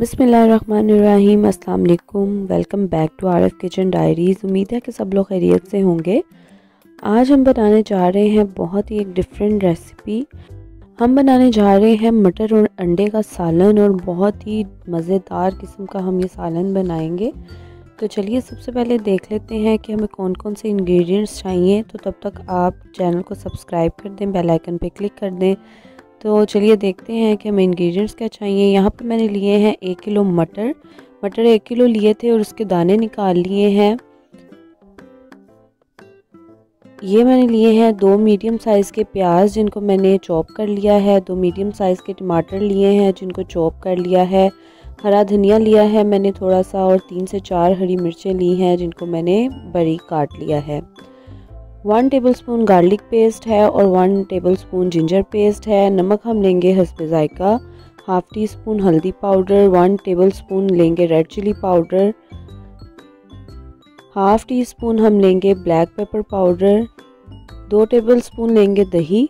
बसमीम वालेकुम welcome back to R F kitchen diaries उम्मीद है कि सब लोग खैरियत से होंगे आज हम बनाने जा रहे हैं बहुत ही एक डिफरेंट रेसिपी हम बनाने जा रहे हैं मटर और अंडे का सालन और बहुत ही मज़ेदार किस्म का हम ये सालन बनाएंगे तो चलिए सबसे पहले देख लेते हैं कि हमें कौन कौन से इंग्रेडिएंट्स चाहिए तो तब तक आप चैनल को सब्सक्राइब कर दें बेल आइकन क्लिक कर दें तो चलिए देखते हैं कि हमें इंग्रेडिएंट्स क्या चाहिए यहाँ पे मैंने लिए हैं एक किलो मटर मटर एक किलो लिए थे और उसके दाने निकाल लिए हैं ये मैंने लिए हैं दो मीडियम साइज़ के प्याज जिनको मैंने चॉप कर लिया है दो मीडियम साइज़ के टमाटर लिए हैं जिनको चॉप कर लिया है हरा धनिया लिया है मैंने थोड़ा सा और तीन से चार हरी मिर्चें ली हैं जिनको मैंने बरीक काट लिया है one tablespoon garlic paste है और one tablespoon ginger paste है नमक हम लेंगे हंसपे ज़ायका हाफ़ टी स्पून हल्दी पाउडर वन टेबल स्पून लेंगे red chilli powder half teaspoon हम लेंगे ब्लैक पेपर पाउडर दो टेबल स्पून लेंगे दही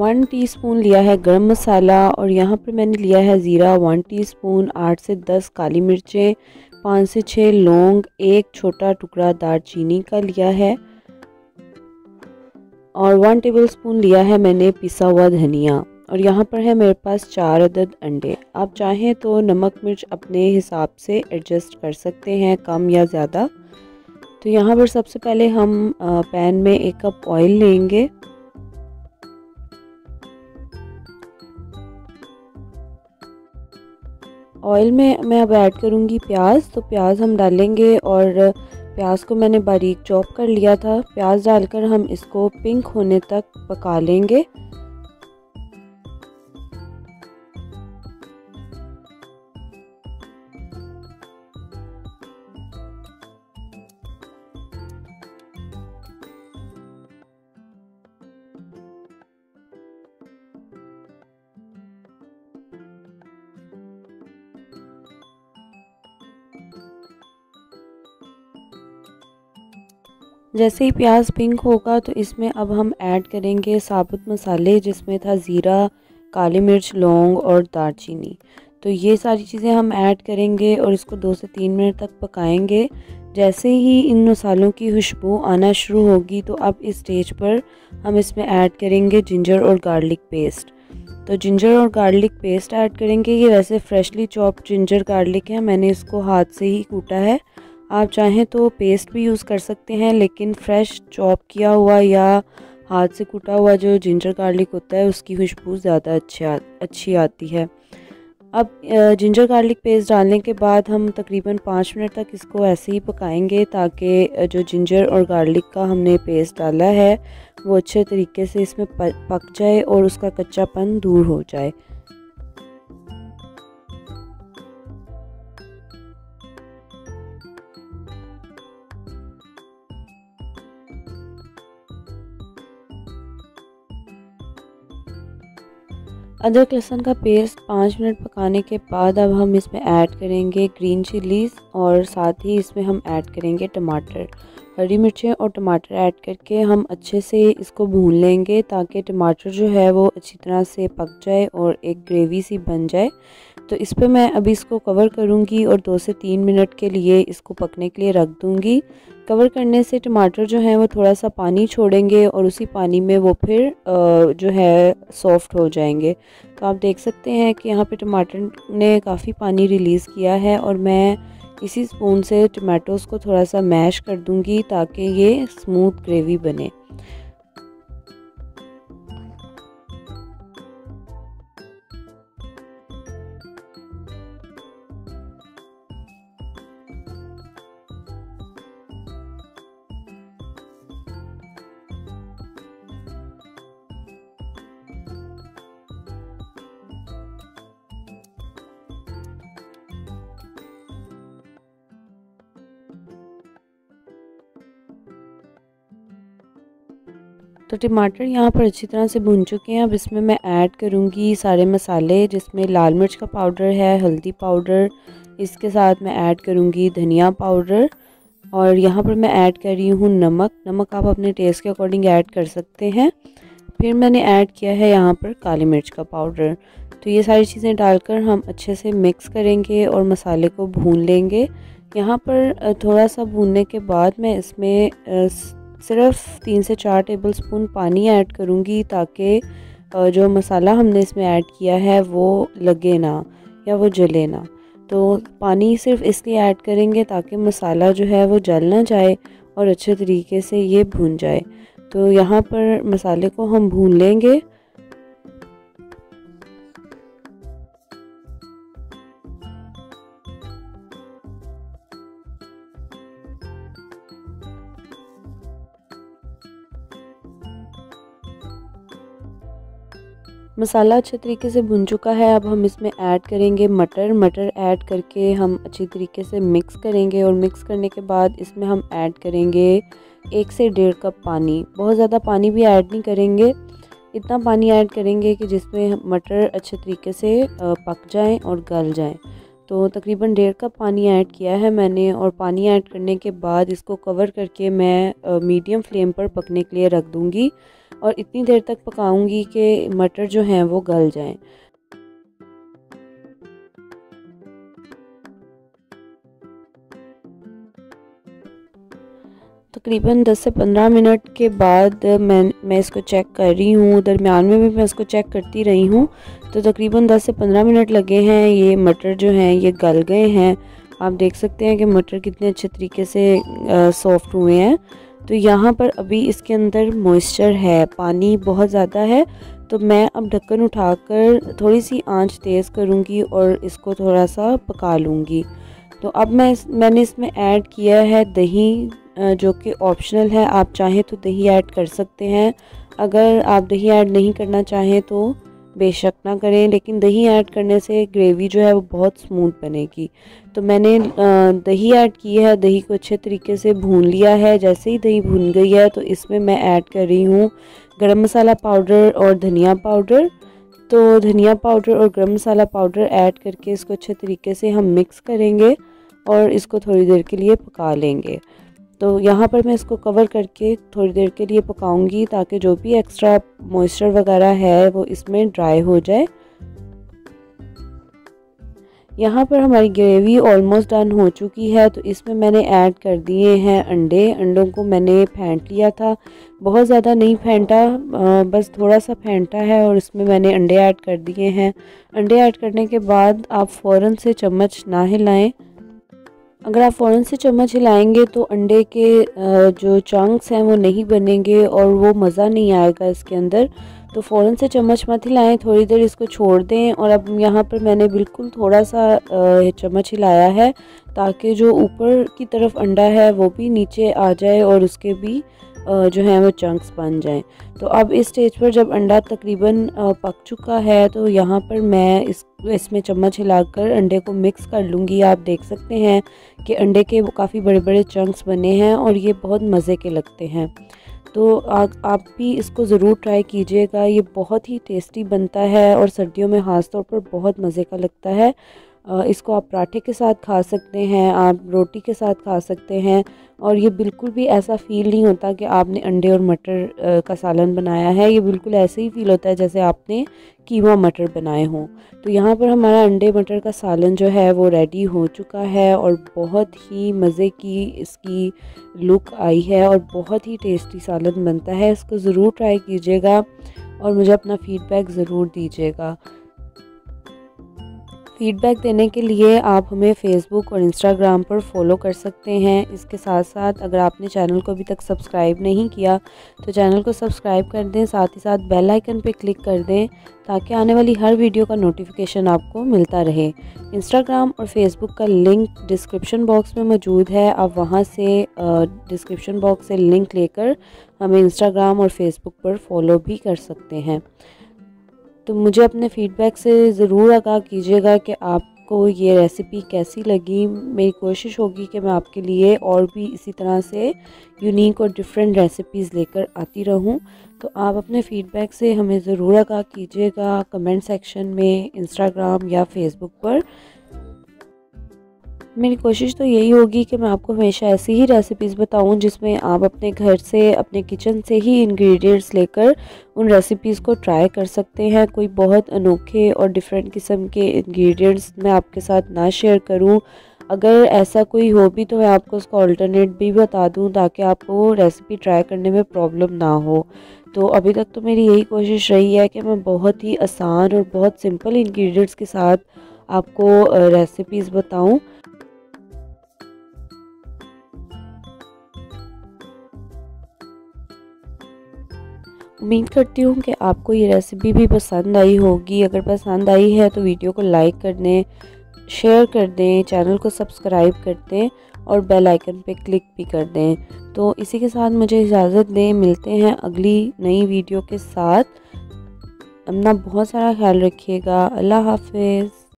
वन टीस्पून लिया है गरम मसाला और यहाँ पर मैंने लिया है ज़ीरा वन टीस्पून आठ से दस काली मिर्चें पाँच से छः लौंग एक छोटा टुकड़ा दार चीनी का लिया है और वन टेबल स्पून लिया है मैंने पिसा हुआ धनिया और यहाँ पर है मेरे पास चार अदद अंडे आप चाहें तो नमक मिर्च अपने हिसाब से एडजस्ट कर सकते हैं कम या ज़्यादा तो यहाँ पर सबसे पहले हम पैन में एक कप ऑयल लेंगे ऑयल में मैं अब ऐड करूँगी प्याज तो प्याज हम डालेंगे और प्याज को मैंने बारीक चॉप कर लिया था प्याज डालकर हम इसको पिंक होने तक पका लेंगे जैसे ही प्याज पिंक होगा तो इसमें अब हम ऐड करेंगे साबुत मसाले जिसमें था ज़ीरा काली मिर्च लौंग और दालचीनी तो ये सारी चीज़ें हम ऐड करेंगे और इसको दो से तीन मिनट तक पकाएंगे जैसे ही इन मसालों की खुशबू आना शुरू होगी तो अब इस स्टेज पर हम इसमें ऐड करेंगे जिंजर और गार्लिक पेस्ट तो जिंजर और गार्लिक पेस्ट ऐड करेंगे ये वैसे फ्रेशली चॉप जिंजर गार्लिक है मैंने इसको हाथ से ही कूटा है आप चाहें तो पेस्ट भी यूज़ कर सकते हैं लेकिन फ्रेश चॉप किया हुआ या हाथ से कूटा हुआ जो जिंजर गार्लिक होता है उसकी खुशबू ज़्यादा अच्छी आ, अच्छी आती है अब जिंजर गार्लिक पेस्ट डालने के बाद हम तकरीबन पाँच मिनट तक इसको ऐसे ही पकाएंगे ताकि जो जिंजर और गार्लिक का हमने पेस्ट डाला है वो अच्छे तरीके से इसमें पक जाए और उसका कच्चापन दूर हो जाए अदरक लहसुन का पेस्ट पाँच मिनट पकाने के बाद अब हम इसमें ऐड करेंगे ग्रीन चिलीज़ और साथ ही इसमें हम ऐड करेंगे टमाटर हरी मिर्चें और टमाटर ऐड करके हम अच्छे से इसको भून लेंगे ताकि टमाटर जो है वो अच्छी तरह से पक जाए और एक ग्रेवी सी बन जाए तो इस पर मैं अभी इसको कवर करूँगी और दो से तीन मिनट के लिए इसको पकने के लिए रख दूँगी कवर करने से टमाटर जो है वो थोड़ा सा पानी छोड़ेंगे और उसी पानी में वो फिर जो है सॉफ्ट हो जाएंगे तो आप देख सकते हैं कि यहाँ पर टमाटर ने काफ़ी पानी रिलीज़ किया है और मैं इसी स्पून से टमाटोज़ को थोड़ा सा मैश कर दूंगी ताकि ये स्मूथ ग्रेवी बने तो टमाटर यहाँ पर अच्छी तरह से भून चुके हैं अब इसमें मैं ऐड करूँगी सारे मसाले जिसमें लाल मिर्च का पाउडर है हल्दी पाउडर इसके साथ मैं ऐड करूँगी धनिया पाउडर और यहाँ पर मैं ऐड कर रही हूँ नमक नमक आप अपने टेस्ट के अकॉर्डिंग ऐड कर सकते हैं फिर मैंने ऐड किया है यहाँ पर काली मिर्च का पाउडर तो ये सारी चीज़ें डालकर हम अच्छे से मिक्स करेंगे और मसाले को भून लेंगे यहाँ पर थोड़ा सा भूनने के बाद मैं इसमें सिर्फ तीन से चार टेबल स्पून पानी ऐड करूँगी ताकि जो मसाला हमने इसमें ऐड किया है वो लगे ना या वो जले ना तो पानी सिर्फ इसलिए ऐड करेंगे ताकि मसाला जो है वो जल ना जाए और अच्छे तरीके से ये भून जाए तो यहाँ पर मसाले को हम भून लेंगे मसाला अच्छे तरीके से भुन चुका है अब हम इसमें ऐड करेंगे मटर मटर ऐड करके हम अच्छी तरीके से मिक्स करेंगे और मिक्स करने के बाद इसमें हम ऐड करेंगे एक से डेढ़ कप पानी बहुत ज़्यादा पानी भी ऐड नहीं करेंगे इतना पानी ऐड करेंगे कि जिसमें मटर अच्छे तरीके से पक जाएँ और गल जाएँ तो तकरीबन डेढ़ कप पानी ऐड किया है मैंने और पानी ऐड करने के बाद इसको कवर करके मैं मीडियम फ्लेम पर पकने के लिए रख दूँगी और इतनी देर तक पकाऊँगी कि मटर जो हैं वो गल जाएँ तकरीबन 10 से 15 मिनट के बाद मैं मैं इसको चेक कर रही हूँ दरमियान में भी मैं इसको चेक करती रही हूँ तो तकरीबन 10 से 15 मिनट लगे हैं ये मटर जो हैं ये गल गए हैं आप देख सकते हैं कि मटर कितने अच्छे तरीके से सॉफ्ट हुए हैं तो यहाँ पर अभी इसके अंदर मॉइस्चर है पानी बहुत ज़्यादा है तो मैं अब ढक्कन उठाकर थोड़ी सी आंच तेज़ करूँगी और इसको थोड़ा सा पका लूँगी तो अब मैं इस मैंने इसमें ऐड किया है दही जो कि ऑप्शनल है आप चाहें तो दही ऐड कर सकते हैं अगर आप दही ऐड नहीं करना चाहें तो बेशक ना करें लेकिन दही ऐड करने से ग्रेवी जो है वो बहुत स्मूथ बनेगी तो मैंने दही ऐड की है दही को अच्छे तरीके से भून लिया है जैसे ही दही भून गई है तो इसमें मैं ऐड कर रही हूँ गरम मसाला पाउडर और धनिया पाउडर तो धनिया पाउडर और गरम मसाला पाउडर ऐड करके इसको अच्छे तरीके से हम मिक्स करेंगे और इसको थोड़ी देर के लिए पका लेंगे तो यहाँ पर मैं इसको कवर करके थोड़ी देर के लिए पकाऊंगी ताकि जो भी एक्स्ट्रा मॉइस्चर वगैरह है वो इसमें ड्राई हो जाए यहाँ पर हमारी ग्रेवी ऑलमोस्ट डन हो चुकी है तो इसमें मैंने ऐड कर दिए हैं अंडे अंडों को मैंने फेंट लिया था बहुत ज़्यादा नहीं फेंटा बस थोड़ा सा फेंटा है और इसमें मैंने अंडे ऐड कर दिए हैं अंडे ऐड करने के बाद आप फ़ौरन से चम्मच ना हिलाएं अगर आप फ़ौरन से चम्मच हिलाएंगे तो अंडे के जो चंक्स हैं वो नहीं बनेंगे और वो मज़ा नहीं आएगा इसके अंदर तो फ़ौरन से चम्मच मत हिलाएं थोड़ी देर इसको छोड़ दें और अब यहाँ पर मैंने बिल्कुल थोड़ा सा चम्मच हिलाया है ताकि जो ऊपर की तरफ अंडा है वो भी नीचे आ जाए और उसके भी जो हैं वो चंक्स बन जाएं तो अब इस स्टेज पर जब अंडा तकरीबन पक चुका है तो यहाँ पर मैं इस इसमें चम्मच हिलाकर अंडे को मिक्स कर लूँगी आप देख सकते हैं कि अंडे के काफ़ी बड़े बड़े चंक्स बने हैं और ये बहुत मज़े के लगते हैं तो आ, आप भी इसको ज़रूर ट्राई कीजिएगा ये बहुत ही टेस्टी बनता है और सर्दियों में ख़ास तौर पर बहुत मज़े का लगता है इसको आप पराठे के साथ खा सकते हैं आप रोटी के साथ खा सकते हैं और ये बिल्कुल भी ऐसा फ़ील नहीं होता कि आपने अंडे और मटर का सालन बनाया है ये बिल्कुल ऐसे ही फ़ील होता है जैसे आपने कीमा मटर बनाए हों तो यहाँ पर हमारा अंडे मटर का सालन जो है वो रेडी हो चुका है और बहुत ही मज़े की इसकी लुक आई है और बहुत ही टेस्टी सालन बनता है इसको ज़रूर ट्राई कीजिएगा और मुझे अपना फ़ीडबैक ज़रूर दीजिएगा फीडबैक देने के लिए आप हमें फेसबुक और इंस्टाग्राम पर फॉलो कर सकते हैं इसके साथ साथ अगर आपने चैनल को अभी तक सब्सक्राइब नहीं किया तो चैनल को सब्सक्राइब कर दें साथ ही साथ बेल आइकन पर क्लिक कर दें ताकि आने वाली हर वीडियो का नोटिफिकेशन आपको मिलता रहे इंस्टाग्राम और फेसबुक का लिंक डिस्क्रिप्शन बॉक्स में मौजूद है आप वहाँ से डिस्क्रिप्शन बॉक्स से लिंक लेकर हमें इंस्टाग्राम और फेसबुक पर फॉलो भी कर सकते हैं तो मुझे अपने फ़ीडबैक से ज़रूर आगाह कीजिएगा कि आपको ये रेसिपी कैसी लगी मेरी कोशिश होगी कि मैं आपके लिए और भी इसी तरह से यूनिक और डिफरेंट रेसिपीज़ लेकर आती रहूं तो आप अपने फ़ीडबैक से हमें ज़रूर आगाह कीजिएगा कमेंट सेक्शन में इंस्टाग्राम या फेसबुक पर मेरी कोशिश तो यही होगी कि मैं आपको हमेशा ऐसी ही रेसिपीज़ बताऊं जिसमें आप अपने घर से अपने किचन से ही इंग्रेडिएंट्स लेकर उन रेसिपीज़ को ट्राई कर सकते हैं कोई बहुत अनोखे और डिफरेंट किस्म के इंग्रेडिएंट्स मैं आपके साथ ना शेयर करूं अगर ऐसा कोई हो भी तो मैं आपको उसका ऑल्टरनेट भी बता दूँ ताकि आपको रेसिपी ट्राई करने में प्रॉब्लम ना हो तो अभी तक तो मेरी यही कोशिश रही है कि मैं बहुत ही आसान और बहुत सिंपल इन्ग्रीडियंट्स के साथ आपको रेसिपीज़ बताऊं उम्मीद करती हूँ कि आपको ये रेसिपी भी पसंद आई होगी अगर पसंद आई है तो वीडियो को लाइक कर दें शेयर कर दें चैनल को सब्सक्राइब कर दें और बेल आइकन पे क्लिक भी कर दें तो इसी के साथ मुझे इजाज़त दें मिलते हैं अगली नई वीडियो के साथ अपना बहुत सारा ख्याल रखिएगा अल्लाह हाफिज़